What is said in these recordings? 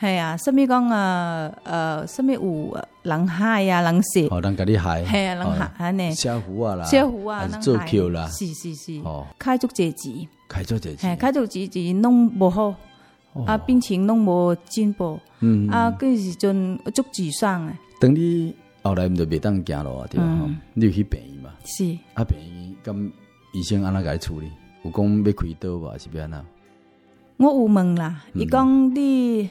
係啊，甚咪講啊？誒、呃，什咪湖人害啊，人蛇。哦，人甲你害。係啊，哦哦、啊，啊，啊，人害安尼，江湖啊啦。江湖啊，人做橋啦。是是是。哦。開足濟錢。開足濟錢。誒，開足濟錢，弄無好，啊，病情弄無進步。嗯，嗯，嗯。啊，嗰時陣足沮喪誒。等你後來唔就未當走咯，對，嗎、嗯？你有去病院嘛？是。啊，病院咁，那醫生安怎甲你處理，有講要開刀吧，是是安怎？我有問啦，伊、嗯、講、嗯、你。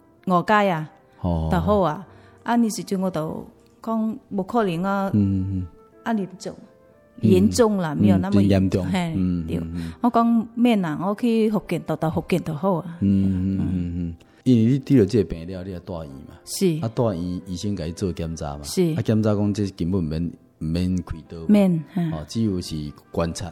我街啊，哦，就好、哦、啊，阿你住住我度，講冇可能啊，嗯，啊、你唔做、嗯，嚴重啦，冇有那麼嚴重、嗯嗯嗯嗯，嗯，嗯。我講咩啊，我去福建讀讀福建就好啊，嗯嗯嗯嗯，因為你得了即個病了，你要帶醫嘛，是，啊，帶醫醫生佢做檢查嘛，是，啊，檢查講即根本唔免唔免開刀，免，哦，只有是觀察。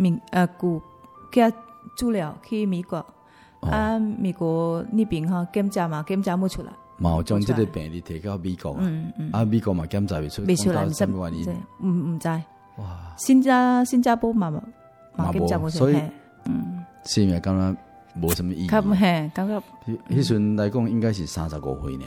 民呃，股加走了去美國、哦，啊，美國那邊哈，檢查嘛，檢查不出來。冇將這個病例提交美國啊、嗯嗯，啊，美國嘛，檢查沒出來，沒出來，唔、嗯、知唔知。哇，新加新加坡嘛嘛，檢查冇出來。嗯，是嗯，現在感覺冇什麼意義。感覺。那時候來講，應該是三十五歲呢。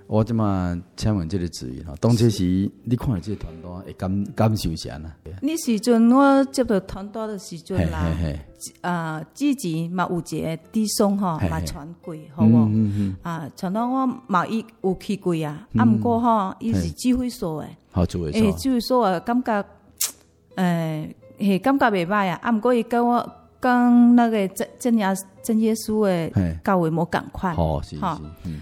我即馬請問這個資源咯，當初時你看這個團單會感感受啥呢？那時陣我接到團單的時陣啦、呃嗯嗯，啊，之前嘛有一個低松吼，嘛傳貴，好唔？啊，傳到我嘛，伊有去貴啊，啊唔過哈，伊是指揮所誒，好機會，誒指揮所啊，感覺，誒，誒，感覺未歹啊，啊唔過伊跟我跟那個真真亞真耶穌誒教會無共款，好。哦是嗯嗯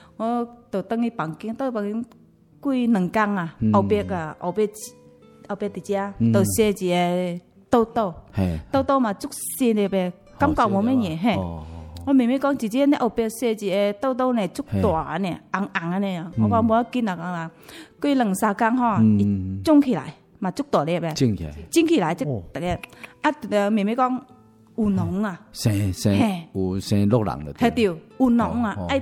我就等佢房間到房間過兩公啊，後邊啊後邊後邊啲姐，就生一個痘痘，痘痘嘛，足細啲唄，感覺冇乜嘢。我妹妹講自己呢後邊生隻痘痘呢，足大呢，硬硬呢。我講冇得見啊，佢兩三公嗬，腫起來，嘛足大啲唄，腫起來，腫起來即係特別。一，妹妹講有膿啊，有生落嚟，係就有膿啊，哎。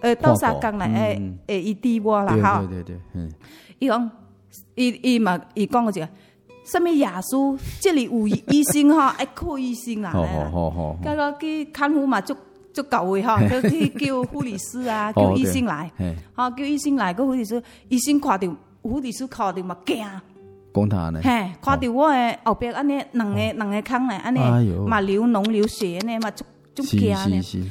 誒，到三天誒誒，一啲我啦，哈！伊講，伊伊咪，伊講個就，什麼耶穌？這裏有醫生哈，愛看醫生啦。哦哦哦，咁我去看護嘛，足足夠位哈，就去叫護理師啊，叫醫生來，好叫醫生來，個護理師，醫生看到護理師看到咪驚。講真啊，吓，看到我嘅後壁，安尼兩個兩個坑嚟，安尼咪流膿流血呢，咪足足驚呢。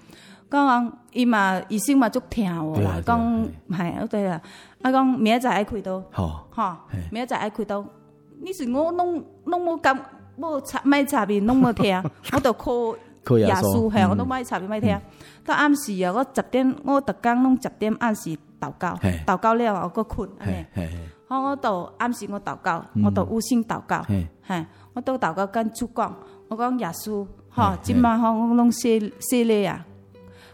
講伊嘛醫生嘛足痛我啦。講講係，對啊，我講明仔載開刀，嚇、哦，明仔載開刀。你是我弄弄無咁冇插咪插俾，弄冇 不聽， 我就靠耶穌係我攞咪插俾咪聽。到暗時啊，我十、嗯嗯、點，我特登弄十點，暗時禱告，禱告了後我個困。係係，好、啊，我就暗時，我禱告，我就無心禱告，係、嗯，我都禱告跟主講，我講耶穌，嚇，今晚我我攏謝謝你啊！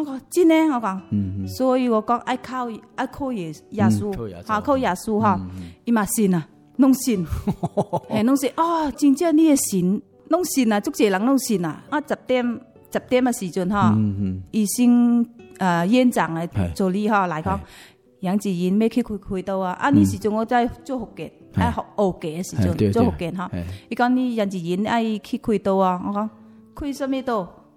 我講真呢，我講、嗯，所以我講，愛靠愛靠耶耶穌，啊靠耶穌哈，伊嘛信啊，弄信，係弄信哦，真正呢信弄信啊，足濟人弄信啊，我十點十點嘅時陣哈，醫生誒院長嘅助理哈來講，楊紫芸愛去開開刀啊，啊呢時陣我再做復健，喺學澳嘅時陣做復健哈，伊講你楊紫芸愛去開刀啊，我講開咗咩刀？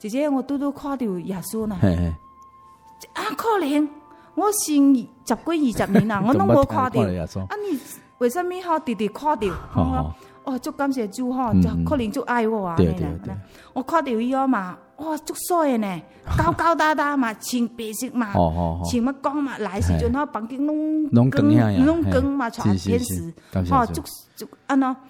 姐姐我都都看到耶穌呢 hey, hey. 啊。 啊，可憐，我信十幾二十年啦，我都冇看到。阿你，為什麼好弟弟看到就話，哦，足感謝主呵，就、啊嗯、可憐就愛我啊,啊,啊,啊,啊,啊,啊我看到伊啊嘛，哇足帥嘅、啊、呢，高高大大嘛，青白色嘛，青乜光嘛，來時就那房間弄弄弄梗嘛，全天使，哦足足，啊嗱。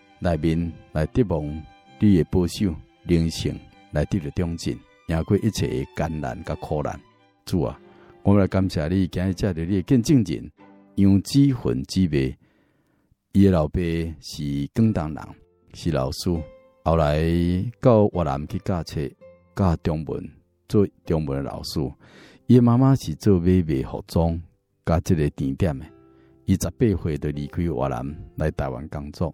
內面來，期望汝嘅保守、靈性來得着增進，贏過一切嘅艱難甲苦難。主啊，我們來感謝汝今日藉著汝嘅見證，人楊紫芸姊妹。伊老爸是廣東人，是老師，後來到越南去教冊教中文做中文的老師。伊媽媽是做買賣服裝，甲即個甜點嘅。伊十八歲就離開越南來台灣工作。